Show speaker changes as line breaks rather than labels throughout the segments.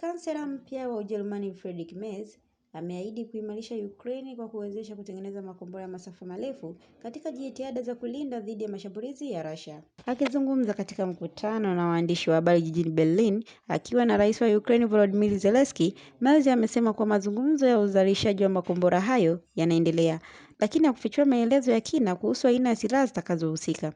Kansela mpya wa Ujerumani Friedrich Merz ameahidi kuimarisha Ukraine kwa kuwezesha kutengeneza makombora ya masafa marefu katika jitihada za kulinda dhidi ya mashambulizi ya Russia.
Akizungumza katika mkutano na waandishi wa habari jijini Berlin akiwa na Rais wa Ukraine Volodymyr Zelensky, Merz amesema kuwa mazungumzo ya uzalishaji wa makombora hayo yanaendelea, lakini hakufichua maelezo ya kina kuhusu aina ya silaha zitakazohusika.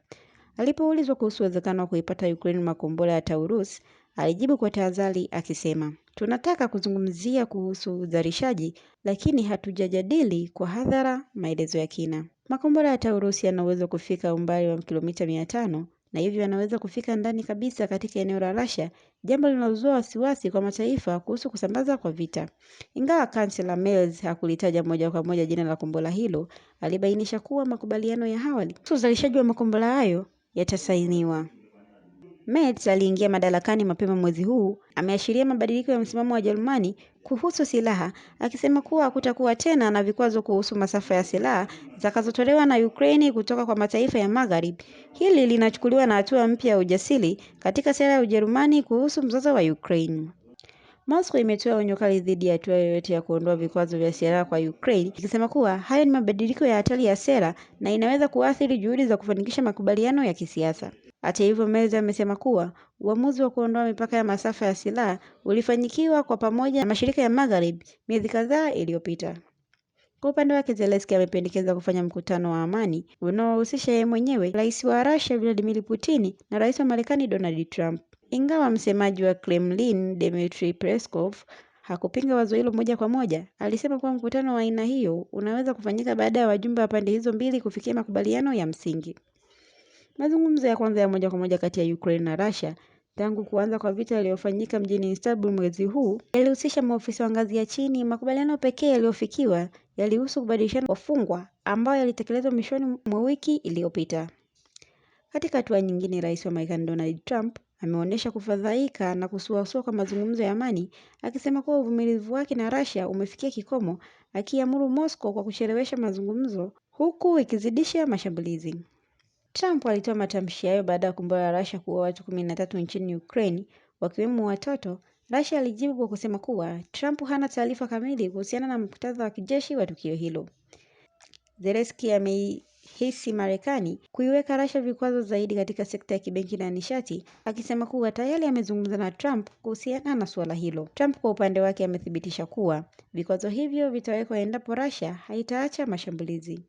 Alipoulizwa kuhusu uwezekano wa kuipata Ukraine makombora ya Taurus, alijibu kwa tahadhari akisema, tunataka kuzungumzia kuhusu uzalishaji, lakini hatujajadili kwa hadhara maelezo ya kina. Makombora ya Taurusi yanaweza kufika umbali wa kilomita mia tano na hivyo yanaweza kufika ndani kabisa katika eneo la Russia, jambo linalozua wasiwasi kwa mataifa kuhusu kusambaza kwa vita. Ingawa kansela Merz hakulitaja moja kwa moja jina la kombora hilo, alibainisha kuwa makubaliano ya awali
kuhusu uzalishaji wa makombora hayo yatasainiwa. Merz aliingia madarakani mapema mwezi huu ameashiria mabadiliko ya msimamo wa jerumani kuhusu silaha akisema kuwa hakutakuwa tena na vikwazo kuhusu masafa ya silaha zitakazotolewa na Ukraine kutoka kwa mataifa ya Magharibi. Hili linachukuliwa na hatua mpya ya ujasiri katika sera ya Ujerumani kuhusu mzozo wa Ukraine. Moscow imetoa onyo kali dhidi ya hatua yoyote ya kuondoa vikwazo vya silaha kwa Ukraine, ikisema kuwa hayo ni mabadiliko ya hatari ya sera na inaweza kuathiri juhudi za kufanikisha makubaliano ya kisiasa. Hata hivyo Meza amesema kuwa uamuzi wa kuondoa mipaka ya masafa ya silaha ulifanyikiwa kwa pamoja na mashirika ya Magharibi miezi kadhaa iliyopita. Kwa upande wake, Zelensky amependekeza kufanya mkutano wa amani unaohusisha yeye mwenyewe, Rais wa Russia Vladimir Putin na Rais wa Marekani Donald Trump. Ingawa msemaji wa Kremlin Dmitry Peskov hakupinga wazo hilo moja kwa moja, alisema kuwa mkutano wa aina hiyo unaweza kufanyika baada ya wajumbe wa pande hizo mbili kufikia makubaliano ya msingi. Mazungumzo ya kwanza ya moja kwa moja kati ya Ukraine na Russia tangu kuanza kwa vita yaliyofanyika mjini Istanbul mwezi huu yalihusisha maofisa wa ngazi ya chini. Makubaliano pekee yaliyofikiwa yalihusu kubadilishana wafungwa ambayo yalitekelezwa mwishoni mwa wiki iliyopita. Katika hatua nyingine, Rais wa Marekani Donald Trump ameonyesha kufadhaika na kusuasua kwa mazungumzo ya amani, akisema kuwa uvumilivu wake na Russia umefikia kikomo, akiamuru Moscow kwa kuchelewesha mazungumzo huku ikizidisha mashambulizi. Trump alitoa matamshi hayo baada ya kumbora Russia kuua watu kumi na tatu nchini Ukraine, wakiwemo watoto. Russia alijibu kwa kusema kuwa Trump hana taarifa kamili kuhusiana na muktadha wa kijeshi wa tukio hilo. Zelensky ameihisi Marekani kuiweka Russia vikwazo zaidi katika sekta ya kibenki na nishati, akisema kuwa tayari amezungumza na Trump kuhusiana na suala hilo. Trump kwa upande wake amethibitisha kuwa vikwazo hivyo vitawekwa endapo Russia haitaacha mashambulizi.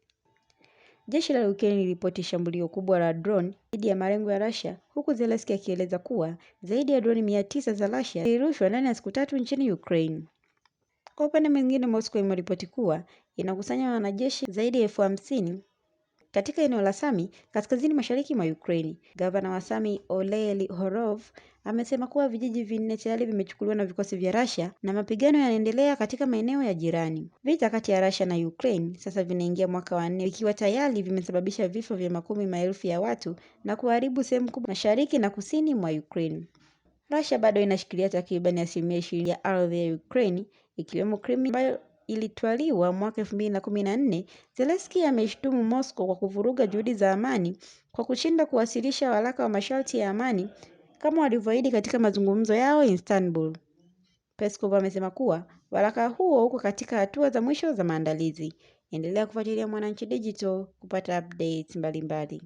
Jeshi la Ukraine liliripoti shambulio kubwa la drone dhidi ya malengo ya Russia, huku Zelensky akieleza kuwa zaidi ya droni mia tisa za Russia zilirushwa ndani ya siku tatu nchini Ukraine. Kwa upande mwingine, Moscow imeripoti kuwa inakusanya wanajeshi zaidi ya elfu hamsini katika eneo la Sami, kaskazini mashariki mwa Ukraine, gavana wa Sami Oleli Horov amesema kuwa vijiji vinne tayari vimechukuliwa na vikosi vya Russia na mapigano yanaendelea katika maeneo ya jirani. Vita kati ya Russia na Ukraine sasa vinaingia mwaka wa nne ikiwa tayari vimesababisha vifo vya makumi maelfu ya watu na kuharibu sehemu kubwa mashariki na kusini mwa Ukraine. Russia bado inashikilia takriban asilimia ishirini ya ardhi ya Ukraine ikiwemo Crimea ambayo ilitwaliwa mwaka na na kumi nne zelenski ameshutumu Moscow kwa kuvuruga juhudi za amani kwa kushindwa kuwasilisha waraka wa masharti ya amani kama walivyoahidi katika mazungumzo yao Istanbul. Peskov amesema kuwa waraka huo uko katika hatua za mwisho za maandalizi. Endelea kufuatilia Mwananchi Digital kupata updates mbalimbali.